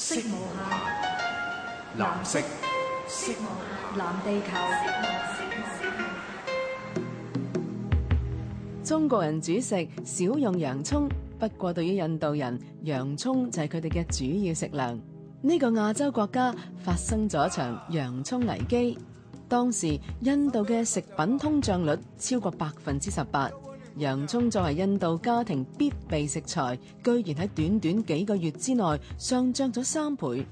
色無下，藍色，色母下，藍地球。中國人煮食少用洋蔥，不過對於印度人，洋蔥就係佢哋嘅主要食糧。呢、這個亞洲國家發生咗一場洋蔥危機，當時印度嘅食品通脹率超過百分之十八。洋蔥作為印度家庭必備食材，居然喺短短幾個月之內上漲咗三倍，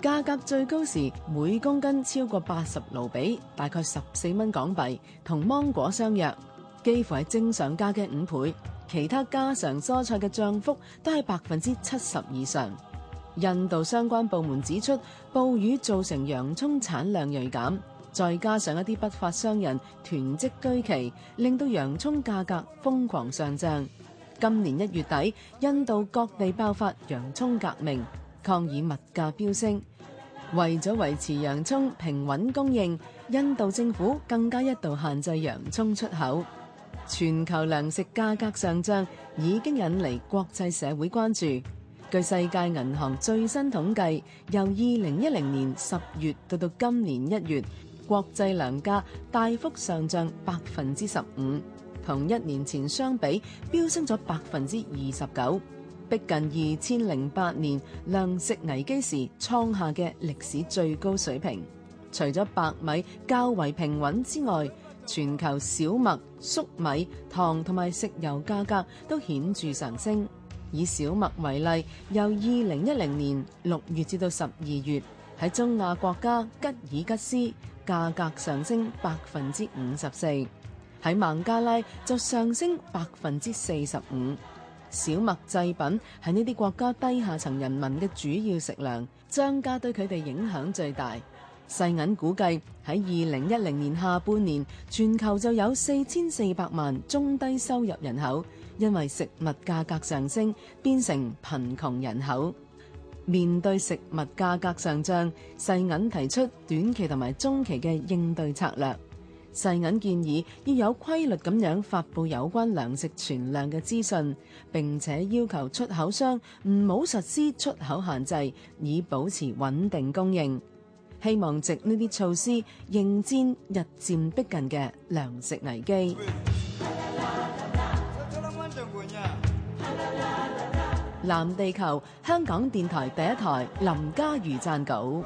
價格最高時每公斤超過八十盧比，大概十四蚊港幣，同芒果相若，幾乎係正常價嘅五倍。其他家常蔬菜嘅漲幅都係百分之七十以上。印度相關部門指出，暴雨造成洋蔥產量銳減。再加上一啲不法商人囤積居奇，令到洋蔥價格瘋狂上漲。今年一月底，印度各地爆發洋蔥革命，抗議物價飆升。為咗維持洋蔥平穩供應，印度政府更加一度限制洋蔥出口。全球糧食價格上漲已經引嚟國際社會關注。據世界銀行最新統計，由二零一零年十月到到今年一月。國際糧價大幅上漲百分之十五，同一年前相比飆升咗百分之二十九，逼近二千零八年糧食危機時創下嘅歷史最高水平。除咗白米較為平穩之外，全球小麥、粟米、糖同埋食油價格都顯著上升。以小麥為例，由二零一零年六月至到十二月，喺中亞國家吉爾吉斯。價格上升百分之五十四，喺孟加拉就上升百分之四十五。小麥製品係呢啲國家低下層人民嘅主要食糧，漲價對佢哋影響最大。世銀估計喺二零一零年下半年，全球就有四千四百萬中低收入人口，因為食物價格上升，變成貧窮人口。面對食物價格上漲，世銀提出短期同埋中期嘅應對策略。世銀建議要有規律咁樣發布有關糧食存量嘅資訊，並且要求出口商唔好實施出口限制，以保持穩定供應。希望藉呢啲措施應戰日漸逼近嘅糧食危機。藍地球，香港電台第一台，林嘉瑜撰稿。